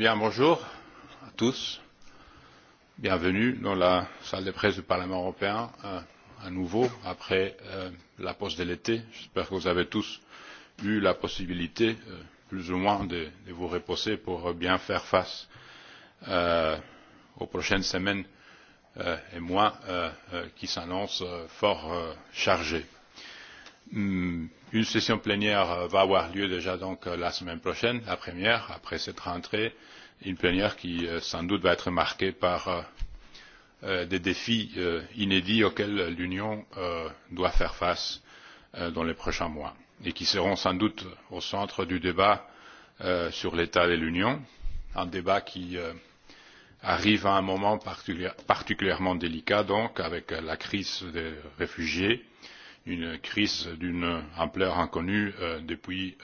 Bien, bonjour à tous. Bienvenue dans la salle de presse du Parlement européen à nouveau après la pause de l'été. J'espère que vous avez tous eu la possibilité, plus ou moins, de vous reposer pour bien faire face aux prochaines semaines et mois qui s'annoncent fort chargés. Une session plénière va avoir lieu déjà donc la semaine prochaine, la première, après cette rentrée, une plénière qui sans doute va être marquée par des défis inédits auxquels l'union doit faire face dans les prochains mois et qui seront sans doute au centre du débat sur l'état de l'union un débat qui arrive à un moment particulièrement délicat donc avec la crise des réfugiés une crise d'une ampleur inconnue depuis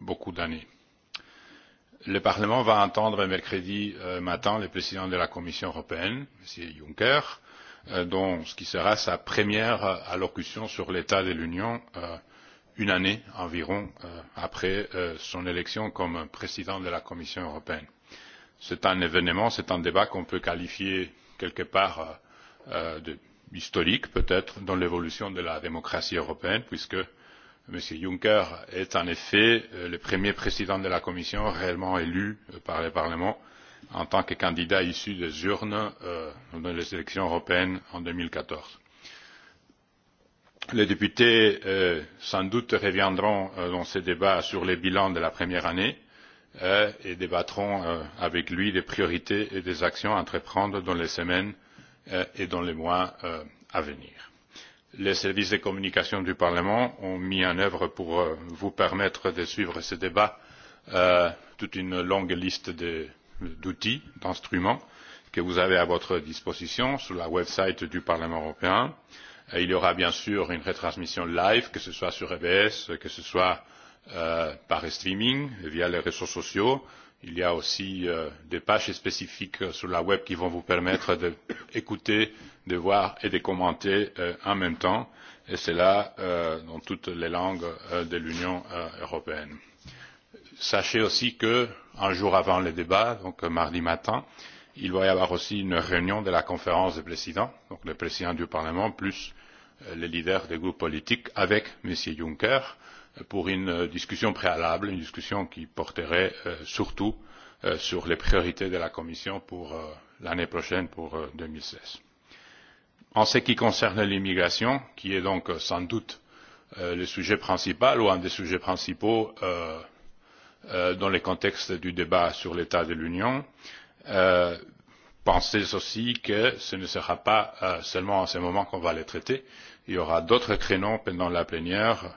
beaucoup d'années. Le Parlement va entendre mercredi matin le président de la Commission européenne, M. Juncker, dans ce qui sera sa première allocution sur l'état de l'Union une année environ après son élection comme président de la Commission européenne. C'est un événement, c'est un débat qu'on peut qualifier quelque part historique, peut-être dans l'évolution de la démocratie européenne puisque Monsieur Juncker est en effet le premier président de la Commission réellement élu par le Parlement en tant que candidat issu des urnes dans les élections européennes en 2014. Les députés sans doute reviendront dans ce débat sur les bilans de la première année et débattront avec lui des priorités et des actions à entreprendre dans les semaines et dans les mois à venir les services de communication du parlement ont mis en œuvre pour vous permettre de suivre ce débat toute une longue liste d'outils d'instruments que vous avez à votre disposition sur la website du parlement européen. il y aura bien sûr une retransmission live que ce soit sur EBS, que ce soit par streaming via les réseaux sociaux Il y a aussi des pages spécifiques sur la web qui vont vous permettre d'écouter, de voir et de commenter en même temps, et cela dans toutes les langues de l'Union européenne. Sachez aussi que, un jour avant le débat, donc mardi matin, il va y avoir aussi une réunion de la conférence des présidents, donc le président du Parlement, plus les leaders des groupes politiques, avec M. Juncker pour une discussion préalable, une discussion qui porterait surtout sur les priorités de la Commission pour l'année prochaine, pour 2016. En ce qui concerne l'immigration, qui est donc sans doute le sujet principal ou un des sujets principaux dans le contexte du débat sur l'état de l'Union, pensez aussi que ce ne sera pas seulement en ce moment qu'on va les traiter. Il y aura d'autres créneaux pendant la plénière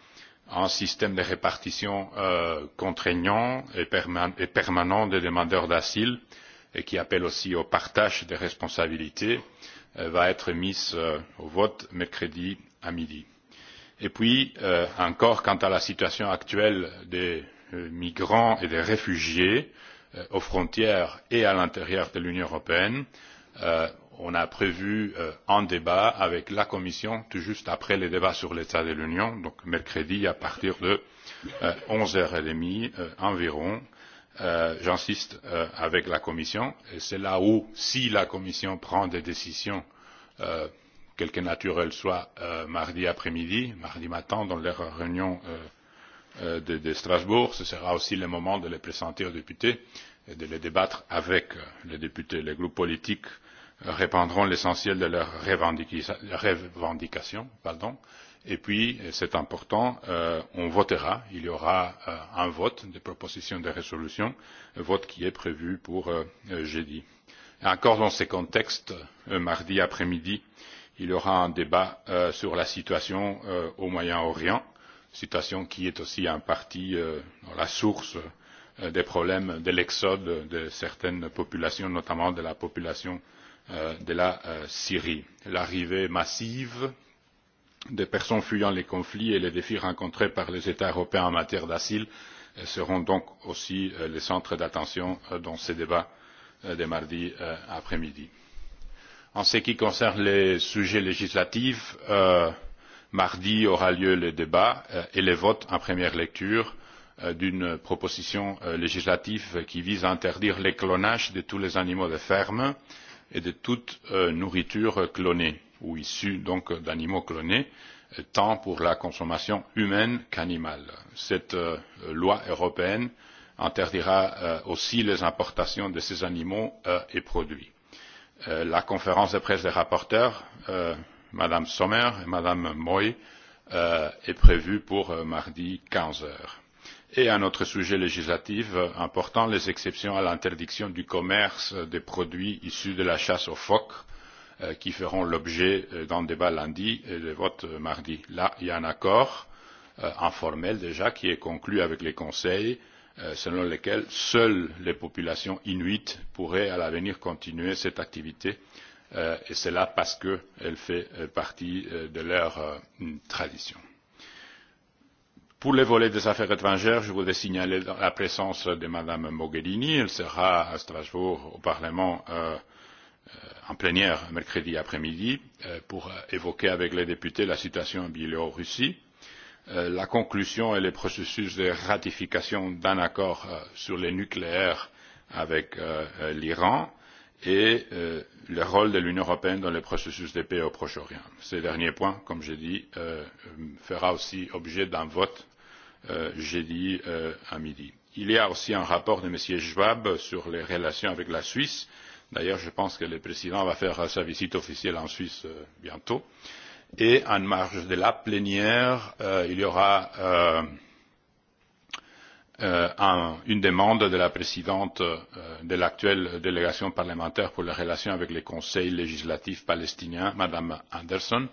un système de répartition contraignant et permanent des demandeurs d'asile et qui appelle aussi au partage des responsabilités va être mis au vote mercredi à midi. Et puis, encore quant à la situation actuelle des migrants et des réfugiés aux frontières et à l'intérieur de l'Union européenne, on a prévu un débat avec la commission tout juste après les débats sur l'état de l'union donc mercredi à partir de 11h30 environ j'insiste avec la commission et c'est là où si la commission prend des décisions quelque naturelle soit mardi après-midi mardi matin dans leur réunion de Strasbourg ce sera aussi le moment de les présenter aux députés et de les débattre avec les députés les groupes politiques répandront l'essentiel de leurs revendications et puis c'est important on votera il y aura un vote de proposition de résolution vote qui est prévu pour jeudi. encore dans ce contexte mardi après midi il y aura un débat sur la situation au moyen orient situation qui est aussi en partie la source des problèmes de l'exode de certaines populations notamment de la population de la Syrie. L'arrivée massive des personnes fuyant les conflits et les défis rencontrés par les États européens en matière d'asile seront donc aussi le centre d'attention dans ces débats de mardi après-midi. En ce qui concerne les sujets législatifs, mardi aura lieu le débat et le vote en première lecture d'une proposition législative qui vise à interdire le clonage de tous les animaux de ferme et de toute nourriture clonée ou issue donc d'animaux clonés, tant pour la consommation humaine qu'animale. Cette loi européenne interdira aussi les importations de ces animaux et produits. La conférence de presse des rapporteurs, Mme Sommer et Mme Moy, est prévue pour mardi 15 heures et un autre sujet législatif important les exceptions à l'interdiction du commerce des produits issus de la chasse aux phoques qui feront l'objet d'un débat lundi et de vote mardi. Là, il y a un accord informel déjà qui est conclu avec les conseils selon lequel seules les populations inuites pourraient à l'avenir continuer cette activité et cela parce qu'elle fait partie de leur tradition. Pour les volets des affaires étrangères, je voudrais signaler la présence de Mme Mogherini. Elle sera à Strasbourg au Parlement en plénière mercredi après-midi pour évoquer avec les députés la situation en Biélorussie, la conclusion et le processus de ratification d'un accord sur le nucléaire avec l'Iran et le rôle de l'Union européenne dans le processus de paix au Proche-Orient. Ce dernier point, comme je dit, fera aussi objet d'un vote j'ai dit à midi. Il y a aussi un rapport de M. Schwab sur les relations avec la Suisse. D'ailleurs, je pense que le président va faire sa visite officielle en Suisse bientôt. Et en marge de la plénière, il y aura une demande de la présidente de l'actuelle délégation parlementaire pour les relations avec le Conseil législatif palestinien, Mme Anderson,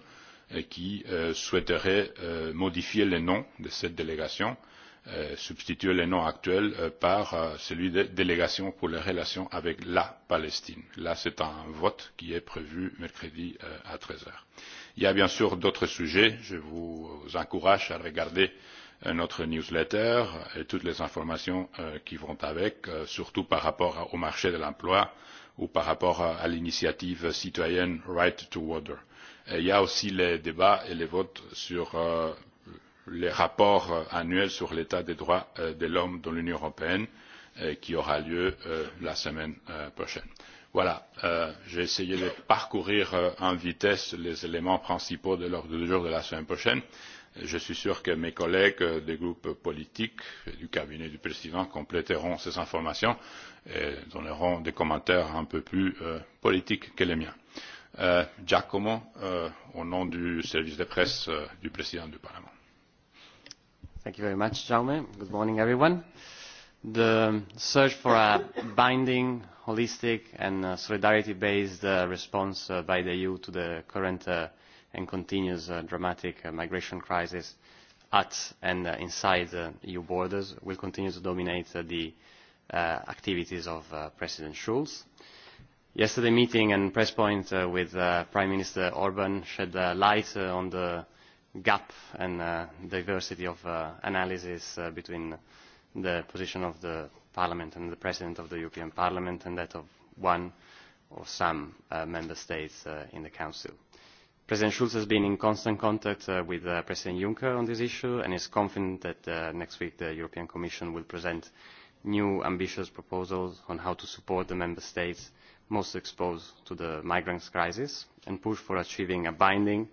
qui souhaiterait modifier le nom de cette délégation, substituer le nom actuel par celui de délégation pour les relations avec la Palestine. Là, c'est un vote qui est prévu mercredi à 13h. Il y a bien sûr d'autres sujets. Je vous encourage à regarder notre newsletter et toutes les informations qui vont avec, surtout par rapport au marché de l'emploi ou par rapport à l'initiative citoyenne Right to Water. Il y a aussi les débats et les votes sur les rapports annuels sur l'état des droits de l'homme dans l'Union européenne qui aura lieu la semaine prochaine. Voilà, j'ai essayé de parcourir en vitesse les éléments principaux de l'ordre du jour de la semaine prochaine je suis sûr que mes collègues des groupes politiques du cabinet du président compléteront ces informations et donneront des commentaires un peu plus politiques que les miens. Giacomo, au nom du service de presse du président du Parlement. Thank you very much, Jaume. Good morning, everyone. The search for a binding, holistic and solidarity-based response by the EU to the current and continuous dramatic migration crisis at and inside EU borders will continue to dominate the activities of President Schulz. Yesterday's meeting and press point with Prime Minister Orban shed light on the gap and diversity of analysis between the position of the Parliament and the President of the European Parliament and that of one or some member states in the Council. President Schulz has been in constant contact with President Juncker on this issue and is confident that next week the European Commission will present new ambitious proposals on how to support the member states most exposed to the migrants crisis and push for achieving a binding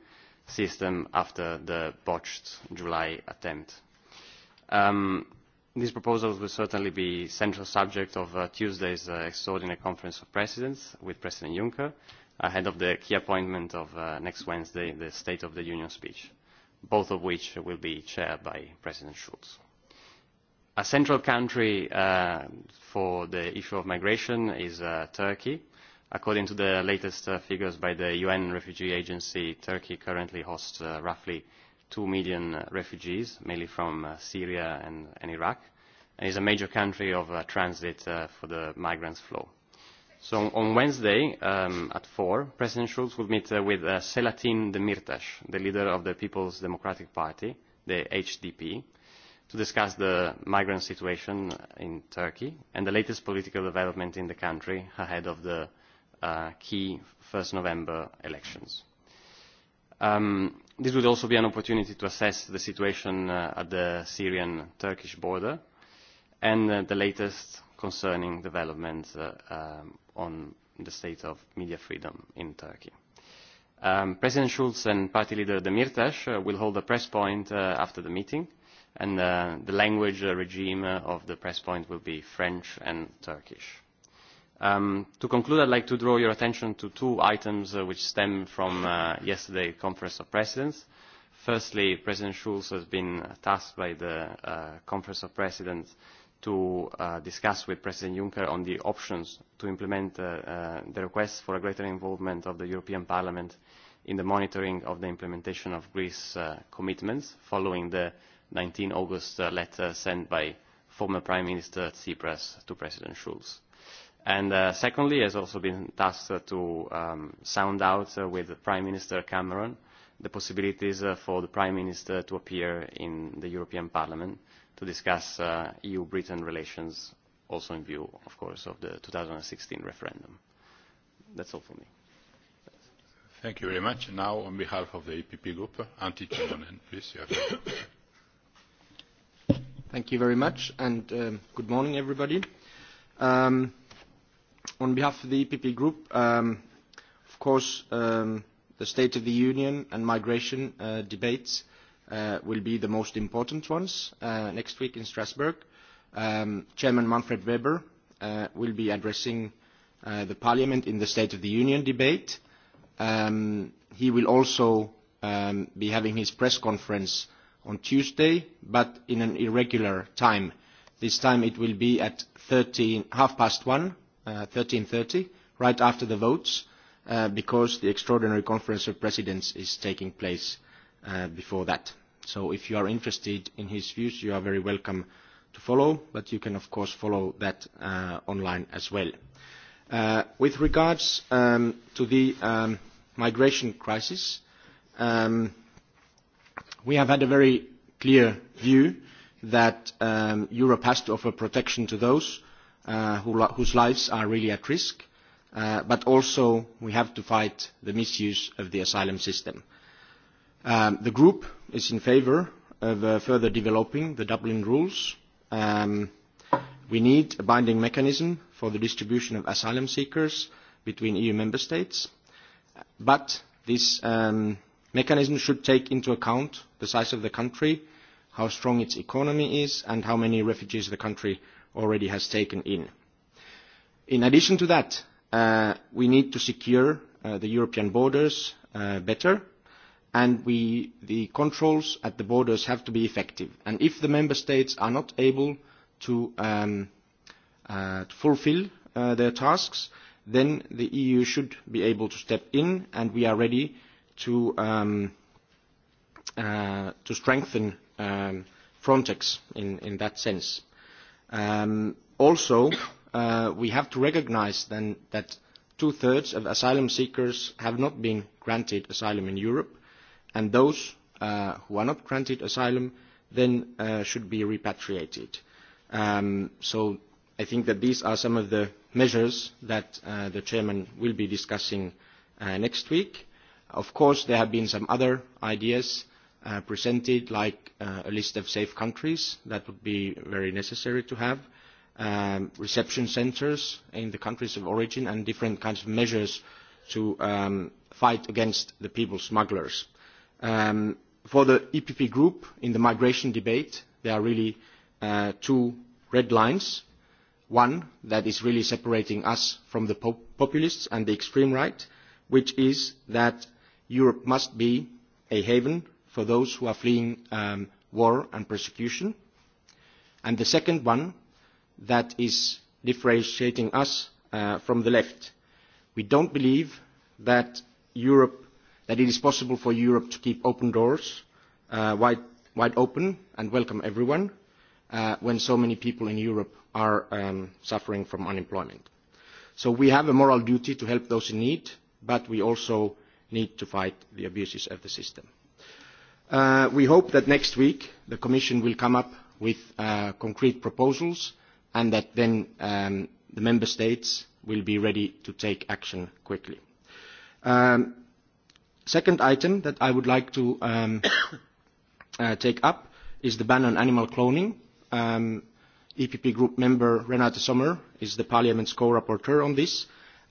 system after the botched July attempt. These proposals will certainly be central subject of Tuesday's extraordinary conference of presidents with President Juncker ahead of the key appointment of next Wednesday, the State of the Union speech, both of which will be chaired by President Schulz. A central country for the issue of migration is Turkey. According to the latest figures by the UN Refugee Agency, Turkey currently hosts roughly 2 million refugees, mainly from Syria and Iraq, and is a major country of transit for the migrants' flow. So on Wednesday at 4, President Schulz will meet with Selatin Demirtas, the leader of the People's Democratic Party, the HDP, to discuss the migrant situation in Turkey and the latest political development in the country ahead of the key 1st November elections. This would also be an opportunity to assess the situation at the Syrian-Turkish border and the latest concerning developments on the state of media freedom in Turkey. President Schulz and party leader Demirtas will hold a press point after the meeting, and the language regime of the press point will be French and Turkish. To conclude, I'd like to draw your attention to two items which stem from yesterday's Conference of Presidents. Firstly, President Schulz has been tasked by the Conference of Presidents to discuss with President Juncker on the options to implement the request for a greater involvement of the European Parliament in the monitoring of the implementation of Greece commitments following the 19 August letter sent by former Prime Minister Tsipras to President Schulz. And secondly, has also been tasked to sound out with Prime Minister Cameron the possibilities for the Prime Minister to appear in the European Parliament to discuss EU-Britain relations, also in view, of course, of the 2016 referendum. That's all for me. Thank you very much. Now, on behalf of the EPP Group, Antti Chilonen, please. Thank you very much, and good morning, everybody. On behalf of the EPP Group, of course, the State of the Union and migration debates will be the most important ones next week in Strasbourg. Chairman Manfred Weber will be addressing the Parliament in the State of the Union debate. He will also be having his press conference on Tuesday, but in an irregular time. This time it will be at half past one, 13.30, right after the votes, because the extraordinary conference of presidents is taking place before that. So if you are interested in his views, you are very welcome to follow, but you can, of course, follow that online as well. With regards to the migration crisis, we have had a very clear view that Europe has to offer protection to those whose lives are really at risk, but also we have to fight the misuse of the asylum system The group is in favour of further developing the Dublin rules. We need a binding mechanism for the distribution of asylum seekers between EU member states, but this mechanism should take into account the size of the country, how strong its economy is, and how many refugees the country already has taken in. In addition to that, we need to secure the European borders better and the controls at the borders have to be effective. And if the member states are not able to fulfil their tasks, then the EU should be able to step in, and we are ready to strengthen Frontex in that sense. Also, we have to recognise that two-thirds of asylum seekers have not been granted asylum in Europe, and those who are not granted asylum then should be repatriated. So I think that these are some of the measures that the chairman will be discussing next week. Of course, there have been some other ideas presented, like a list of safe countries that would be very necessary to have, reception centres in the countries of origin, and different kinds of measures to fight against the people smugglers. For the EPP group, in the migration debate, there are really two red lines. One that is really separating us from the populists and the extreme right, which is that Europe must be a haven for those who are fleeing war and persecution. And the second one that is differentiating us from the left. We don't believe that Europe that it is possible for Europe to keep open doors wide open and welcome everyone when so many people in Europe are suffering from unemployment. So we have a moral duty to help those in need, but we also need to fight the abuses of the system. We hope that next week the Commission will come up with concrete proposals and that then the Member States will be ready to take action quickly. Second item that I would like to take up is the ban on animal cloning. EPP Group member Renate Sommer is the Parliament's co-rapporteur on this,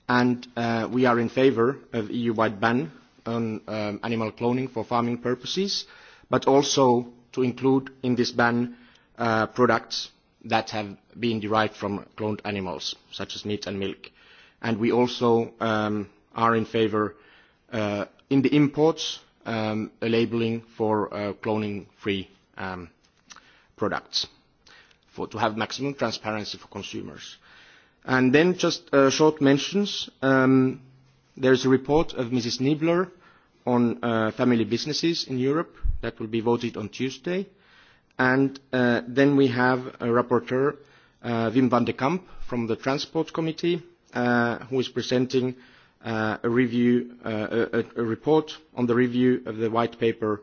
and we are in favour of EU-wide ban on animal cloning for farming purposes, but also to include in this ban products that have been derived from cloned animals, such as meat and milk. And we also are in favour in the imports a labelling for cloning free products to have maximum transparency for consumers. And then just short mentions. There is a report of Mrs. Niebler on family businesses in Europe that will be voted on Tuesday. And then we have a rapporteur, Wim van de Kamp, from the Transport Committee, who is presenting a review, a report on the review of the white paper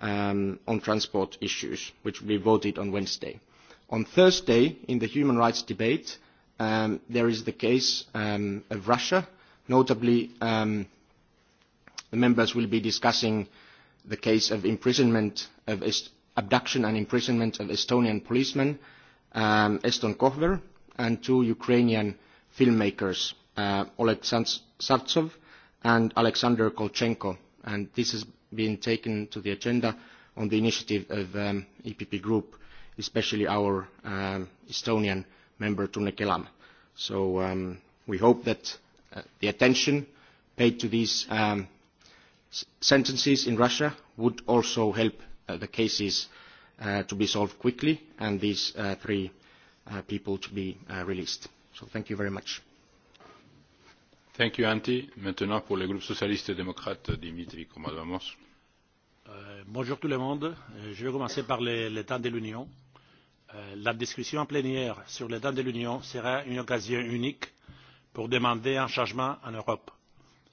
on transport issues, which will be voted on Wednesday. On Thursday, in the human rights debate, there is the case of Russia. Notably, the members will be discussing the case of imprisonment of abduction and imprisonment of Estonian policeman Eston Kohver and two Ukrainian filmmakers, Oleksandr Savtsov and Alexander Kolchenko, and this has been taken to the agenda on the initiative of the EPP Group, especially our Estonian member Tunekelam. Kelam. So we hope that the attention paid to these sentences in Russia would also help the cases to be solved quickly and these three people to be released. So thank you very much. Thank you, Maintenant, pour le groupe socialiste et démocrate, Dimitri Komadamos. Bonjour tout le monde. Je vais commencer par l'état de l'Union. La discussion plénière sur l'état de l'Union sera une occasion unique pour demander un changement en Europe.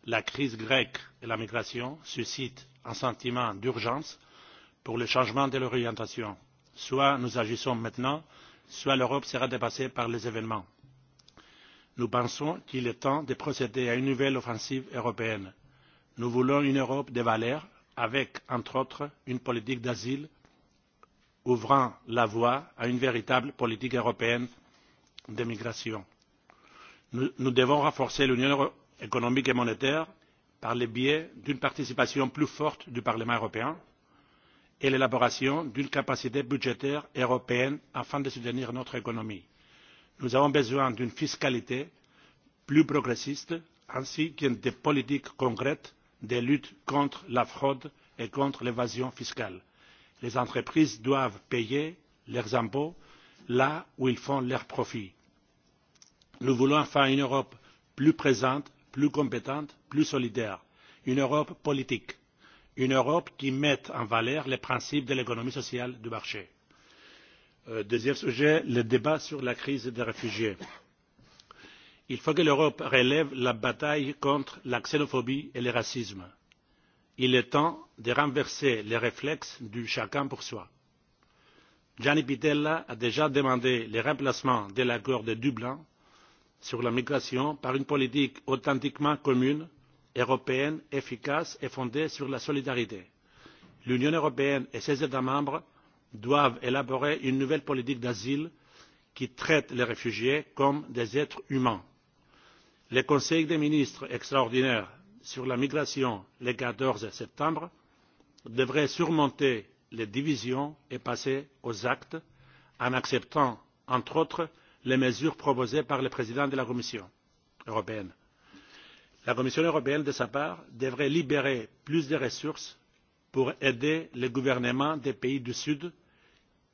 La crise grecque et la migration suscitent un sentiment d'urgence pour le changement de l'orientation. Soit nous agissons maintenant, soit l'Europe sera dépassée par les événements nous pensons qu'il est temps de procéder à une nouvelle offensive européenne. Nous voulons une Europe des valeurs, avec, entre autres, une politique d'asile ouvrant la voie à une véritable politique européenne de migration. Nous devons renforcer l'union économique et monétaire par le biais d'une participation plus forte du Parlement européen et l'élaboration d'une capacité budgétaire européenne afin de soutenir notre économie nous avons besoin d'une fiscalité plus progressiste ainsi que de politiques concrètes de lutte contre la fraude et contre l'évasion fiscale. les entreprises doivent payer leurs impôts là où elles font leurs profits. nous voulons enfin une europe plus présente plus compétente plus solidaire une europe politique une europe qui mette en valeur les principes de l'économie sociale de marché. Deuxième sujet, le débat sur la crise des réfugiés. Il faut que l'Europe relève la bataille contre la xénophobie et le racisme. Il est temps de renverser les réflexes du chacun pour soi. Gianni Pittella a déjà demandé le remplacement de l'accord de Dublin sur la migration par une politique authentiquement commune, européenne, efficace et fondée sur la solidarité. L'Union européenne et ses États membres doivent élaborer une nouvelle politique d'asile qui traite les réfugiés comme des êtres humains. le conseil des ministres extraordinaire sur la migration le quatorze septembre devrait surmonter les divisions et passer aux actes en acceptant entre autres les mesures proposées par le président de la commission européenne. la commission européenne de sa part devrait libérer plus de ressources pour aider les gouvernements des pays du Sud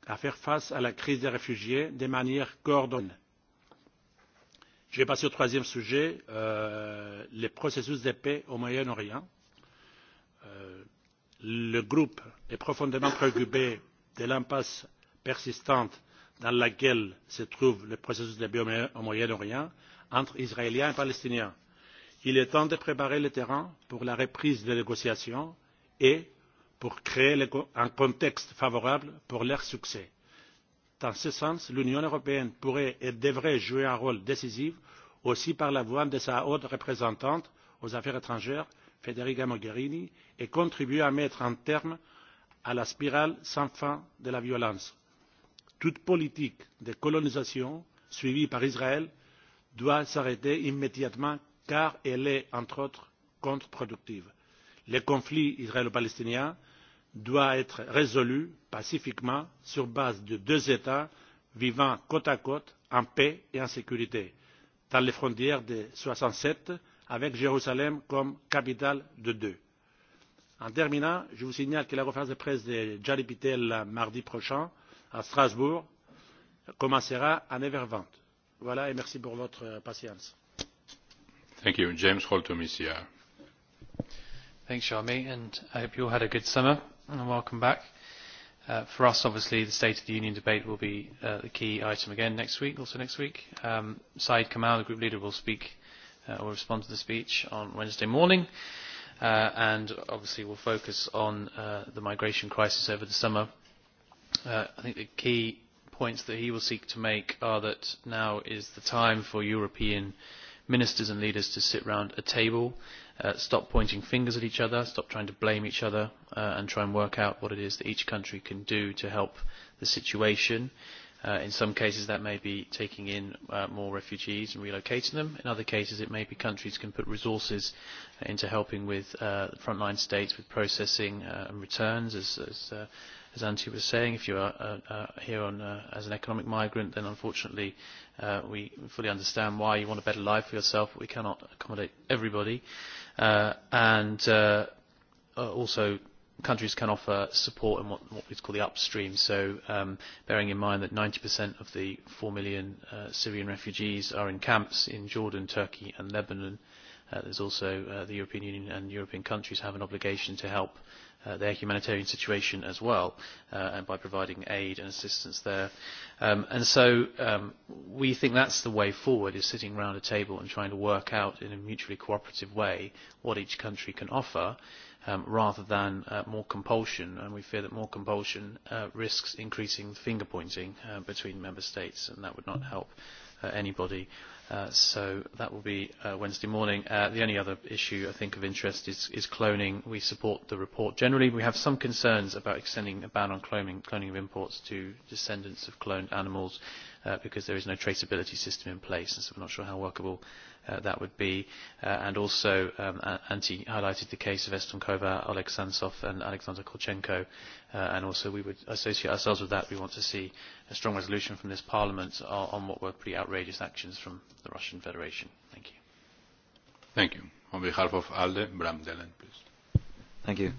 à faire face à la crise des réfugiés de manière coordonnée. Je vais passer au troisième sujet, le processus de paix au Moyen-Orient. Le groupe est profondément préoccupé de l'impasse persistante dans laquelle se trouve le processus de paix au Moyen-Orient entre Israéliens et Palestiniens. Il est temps de préparer le terrain pour la reprise des négociations et pour créer un contexte favorable pour leur succès. Dans ce sens, l'Union européenne pourrait et devrait jouer un rôle décisif aussi par la voix de sa haute représentante aux affaires étrangères, Federica Mogherini, et contribuer à mettre un terme à la spirale sans fin de la violence. Toute politique de colonisation suivie par Israël doit s'arrêter immédiatement car elle est, entre autres, contreproductive. Les conflits israélo-palestiniens doit être résolu pacifiquement sur base de deux États vivant côte à côte en paix et en sécurité, dans les frontières de soixante sept, avec Jérusalem comme capitale de deux. En terminant, je vous signale que la conférence de presse de Gianni Pitel mardi prochain à Strasbourg commencera a neuf h Voilà et merci pour votre patience and welcome back. For us, obviously, the State of the Union debate will be the key item again next week, also next week. Saeed Kamal, the group leader, will speak or respond to the speech on Wednesday morning. And obviously, we'll focus on the migration crisis over the summer. I think the key points that he will seek to make are that now is the time for European ministers and leaders to sit round a table stop pointing fingers at each other, stop trying to blame each other, and try and work out what it is that each country can do to help the situation. In some cases, that may be taking in more refugees and relocating them. In other cases, it may be countries can put resources into helping with frontline states with processing and returns, as as Antti was saying, if you are here on as an economic migrant, then unfortunately we fully understand why you want a better life for yourself, but we cannot accommodate everybody. And also countries can offer support in what we call the upstream. So bearing in mind that 90% of the 4 million Syrian refugees are in camps in Jordan, Turkey and Lebanon There's also the European Union and European countries have an obligation to help their humanitarian situation as well and by providing aid and assistance there. And so we think that's the way forward is sitting around a table and trying to work out in a mutually cooperative way what each country can offer rather than more compulsion and we fear that more compulsion risks increasing finger pointing between member states and that would not help anybody. So that will be Wednesday morning. The only other issue I think of interest is cloning. We support the report. Generally, we have some concerns about extending a ban on cloning cloning of imports to descendants of cloned animals because there is no traceability system in place, and so we're not sure how workable that would be, and also Antti highlighted the case of Estonkova, Oleg Sansov and Alexander Kolchenko, and also we would associate ourselves with that. We want to see a strong resolution from this Parliament on what were pretty outrageous actions from the Russian Federation. Thank you. Thank you. On behalf of ALDE, Bram Delen, please. Thank you.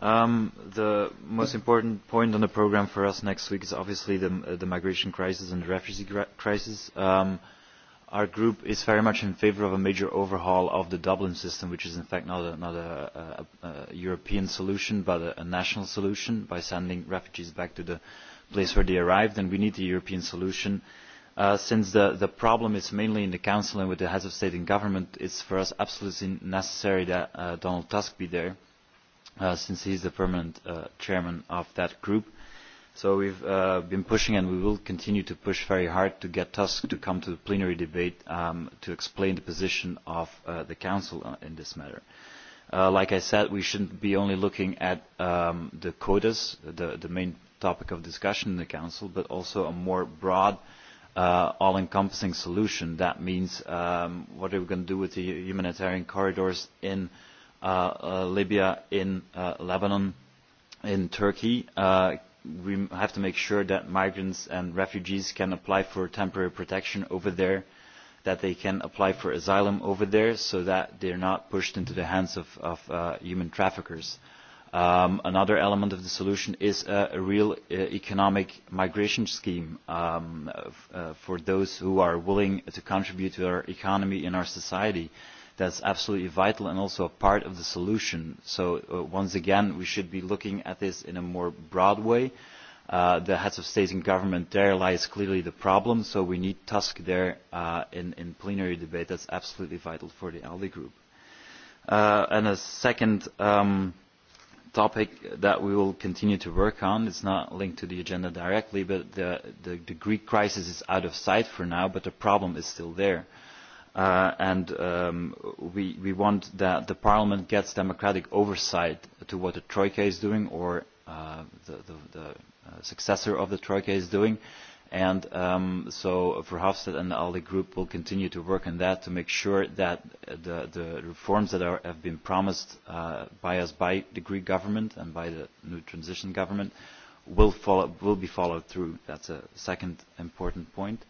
The most important point on the program for us next week is obviously the migration crisis and the refugee crisis. Our group is very much in favour of a major overhaul of the Dublin system, which is in fact not a European solution, but a national solution, by sending refugees back to the place where they arrived. And we need a European solution, since the problem is mainly in the Council and with the heads of state and government. it is for us absolutely necessary that Donald Tusk be there, since he is the permanent chairman of that group So we've been pushing and we will continue to push very hard to get Tusk to come to the plenary debate to explain the position of the Council in this matter. Like I said, we shouldn't be only looking at the quotas, the main topic of discussion in the Council, but also a more broad, all-encompassing solution. That means what are we going to do with the humanitarian corridors in Libya, in Lebanon, in Turkey? we have to make sure that migrants and refugees can apply for temporary protection over there, that they can apply for asylum over there, so that they are not pushed into the hands of human traffickers. Another element of the solution is a real economic migration scheme for those who are willing to contribute to our economy and our society that's absolutely vital and also a part of the solution. So once again, we should be looking at this in a more broad way. The heads of state and government, there lies clearly the problem, so we need Tusk there in plenary debate. That's absolutely vital for the ALDE group. And a second topic that we will continue to work on, it's not linked to the agenda directly, but the Greek crisis is out of sight for now, but the problem is still there and we want that the Parliament gets democratic oversight to what the Troika is doing or the successor of the Troika is doing. And so Verhofstadt and the ALDE group will continue to work on that to make sure that the reforms that have been promised by us, by the Greek government and by the new transition government, will be followed through. That's a second important point.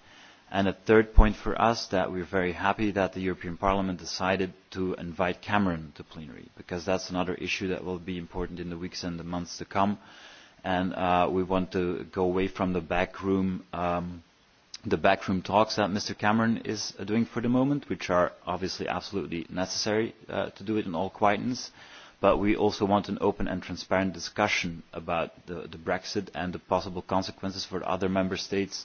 And a third point for us that we are very happy that the European Parliament decided to invite Cameron to plenary, because that's another issue that will be important in the weeks and the months to come. And we want to go away from the backroom the backroom talks that Mr. Cameron is doing for the moment, which are obviously absolutely necessary to do it in all quietness. But we also want an open and transparent discussion about the Brexit and the possible consequences for other member states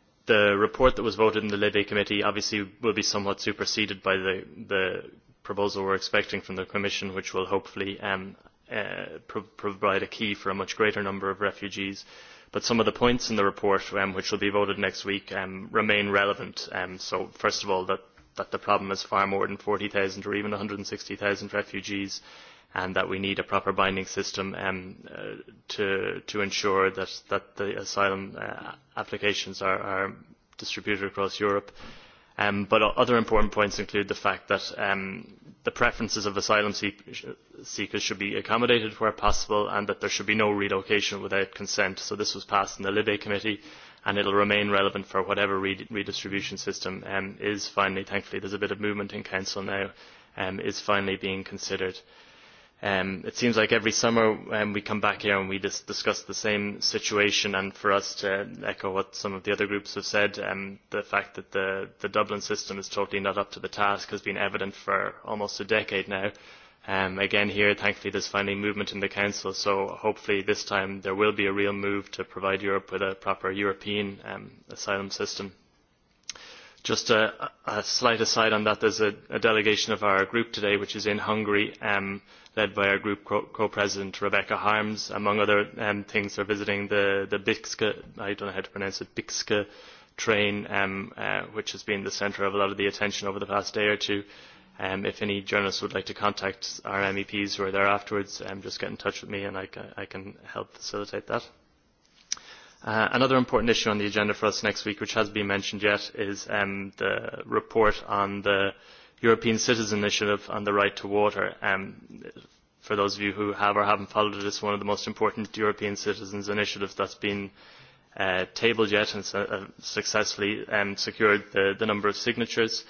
the report that was voted in the libe committee obviously will be somewhat superseded by the proposal we are expecting from the commission which will hopefully provide a key for a much greater number of refugees but some of the points in the report which will be voted next week remain relevant so first of all that the problem is far more than 40,000 or even 160,000 refugees and that we need a proper binding system to to ensure that that the asylum applications are are distributed across Europe. But other important points include the fact that the preferences of asylum seekers should be accommodated where possible and that there should be no relocation without consent. So this was passed in the Libe Committee and it will remain relevant for whatever redistribution system is finally, thankfully, there's a bit of movement in Council now, is finally being considered. It seems like every summer we come back here and we discuss the same situation and for us to echo what some of the other groups have said, the fact that the Dublin system is totally not up to the task has been evident for almost a decade now. Again here, thankfully there's finally movement in the Council, so hopefully this time there will be a real move to provide Europe with a proper European asylum system. Just a slight aside on that, there's a delegation of our group today, which is in Hungary, led by our group co-president Rebecca Harms. Among other things, they're visiting the Bixke, I don't know how to pronounce it, Bixke train, which has been the centre of a lot of the attention over the past day or two. If any journalists would like to contact our MEPs who are there afterwards, just get in touch with me and I can help facilitate that. Another important issue on the agenda for us next week, which has been mentioned yet, is the report on the European Citizen Initiative on the right to water. For those of you who have or haven't followed it, it's one of the most important European citizens' initiatives that's been tabled yet and successfully secured the number of signatures.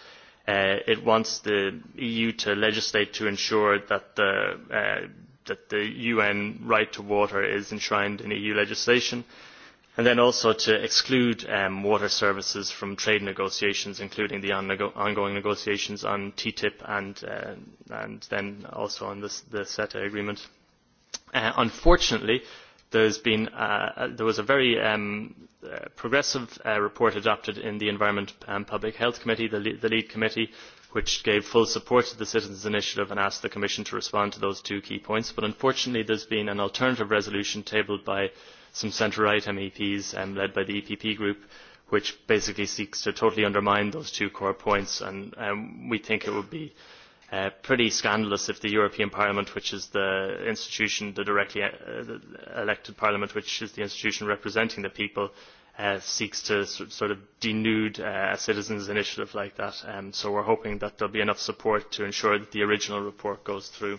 It wants the EU to legislate to ensure that the UN right to water is enshrined in EU legislation and then also to exclude water services from trade negotiations including the ongoing negotiations on ttip and then also on the ceta agreement. unfortunately there was a very progressive report adopted in the environment and public health committee the lead committee which gave full support to the citizens' initiative and asked the commission to respond to those two key points but unfortunately there has been an alternative resolution tabled by some centre right meps led by the epp group which basically seeks to totally undermine those two core points and we think it would be pretty scandalous if the european parliament which is the institution the directly elected parliament which is the institution representing the people seeks to sort of denude a citizens' initiative like that so we are hoping that there will be enough support to ensure that the original report goes through.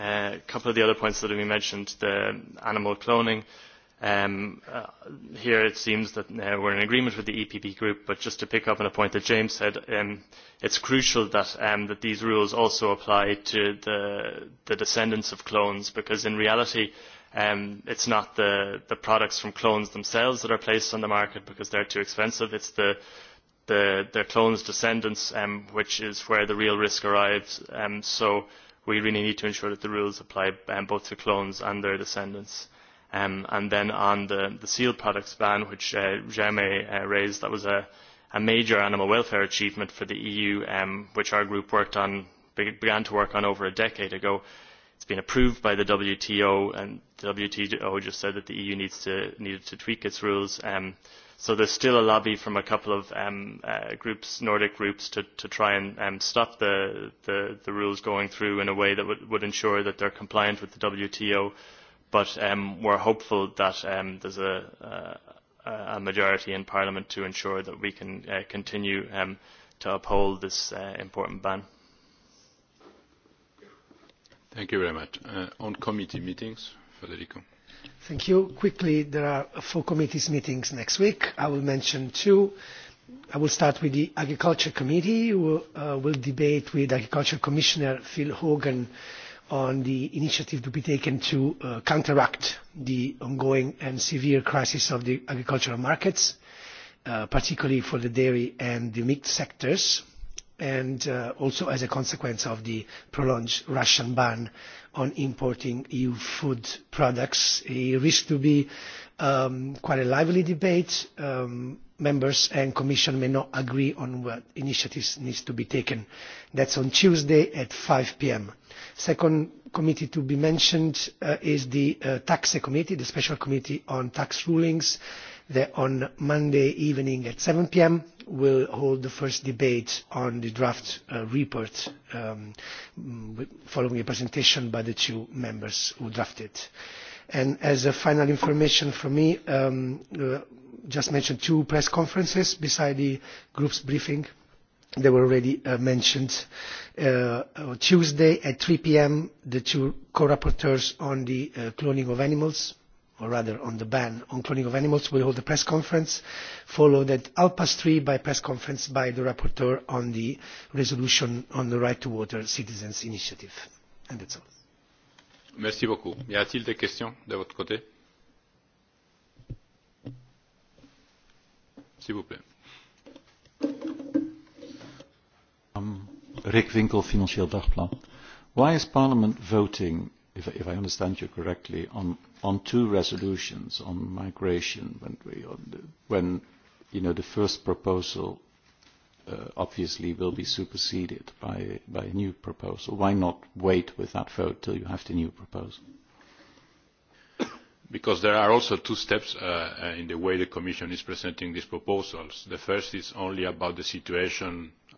A couple of the other points that have been mentioned, the animal cloning. Here it seems that we're in agreement with the EPP group, but just to pick up on a point that James said, it's crucial that these rules also apply to the descendants of clones, because in reality it's not the the products from clones themselves that are placed on the market because they're too expensive. It's the the clones' descendants, which is where the real risk arrives. So we really need to ensure that the rules apply both to clones and their descendants. And then on the seal products ban, which uh, raised, that was a major animal welfare achievement for the EU, which our group worked on, began to work on over a decade ago. It's been approved by the WTO, and the WTO just said that the EU needs to needed to tweak its rules So there's still a lobby from a couple of groups, Nordic groups, to try and stop the rules going through in a way that would ensure that they're compliant with the WTO. But we're hopeful that there's a majority in Parliament to ensure that we can continue to uphold this important ban. Thank you very much. On committee meetings, Federico. Thank you. Quickly, there are four committees meetings next week. I will mention two. I will start with the Agriculture Committee. who will debate with Agriculture Commissioner Phil Hogan on the initiative to be taken to counteract the ongoing and severe crisis of the agricultural markets, particularly for the dairy and the meat sectors and also as a consequence of the prolonged Russian ban on importing EU food products. It risks to be quite a lively debate. Members and Commission may not agree on what initiatives need to be taken. That's on Tuesday at 5 p.m. Second committee to be mentioned is the Tax Committee, the Special Committee on Tax Rulings on Monday evening at 7 p.m. will hold the first debate on the draft report following a presentation by the two members who drafted. And as a final information from me, just mentioned two press conferences beside the group's briefing. They were already mentioned. Tuesday at 3 p.m., the two co-rapporteurs on the cloning of animals or rather on the ban on cloning of animals will hold a press conference followed at half past three by a press conference by the rapporteur on the resolution on the right to water citizens initiative. And that's all. Merci beaucoup. Y a-t-il des questions de votre côté S'il vous plaît. Um, Rick Winkel, Financieel Dagblad. Why is Parliament voting if I understand you correctly, on two resolutions on migration, when the first proposal obviously will be superseded by a new proposal. Why not wait with that vote till you have the new proposal? Because there are also two steps in the way the Commission is presenting these proposals. The first is only about the situation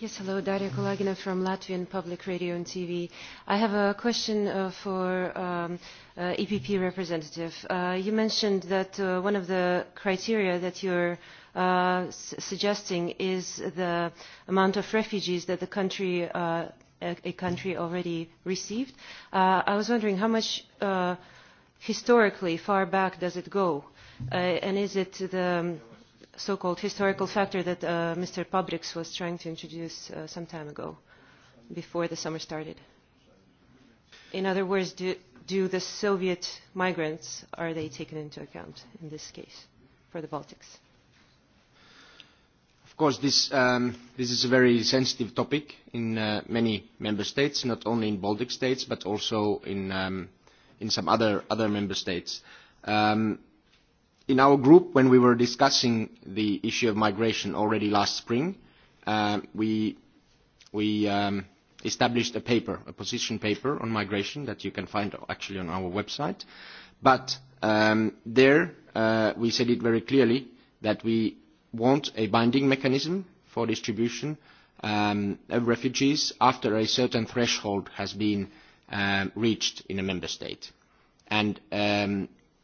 Yes, hello, Daria Kolagina from Latvian Public Radio and TV. I have a question for EPP representative. You mentioned that one of the criteria that you're suggesting is the amount of refugees that the country a country already received. I was wondering how much historically far back does it go, and is it the so-called historical factor that Mr. Pabriks was trying to introduce some time ago, before the summer started. In other words, do the Soviet migrants, are they taken into account in this case for the Baltics? Of course, this is a very sensitive topic in many member states, not only in Baltic states, but also in some other member states in our group, when we were discussing the issue of migration already last spring, we established a paper, a position paper on migration that you can find actually on our website. But there we said it very clearly that we want a binding mechanism for distribution of refugees after a certain threshold has been reached in a member state. And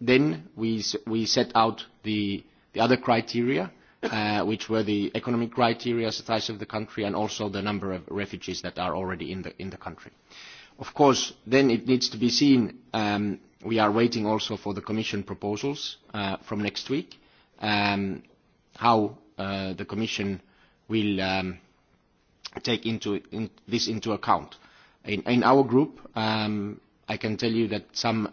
Then we set out the other criteria, which were the economic criteria, the size of the country, and also the number of refugees that are already in the country. Of course, then it needs to be seen, we are waiting also for the Commission proposals from next week, how the Commission will take this into account. In our group, I can tell you that some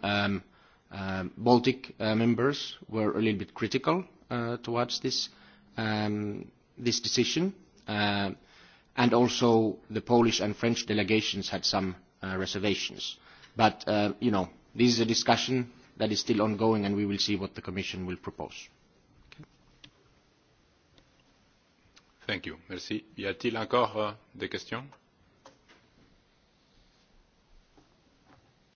Baltic members were a little bit critical towards this decision, and also the Polish and French delegations had some reservations. But you know, this is a discussion that is still ongoing, and we will see what the Commission will propose. Thank you. Merci. Y a-t-il encore des questions?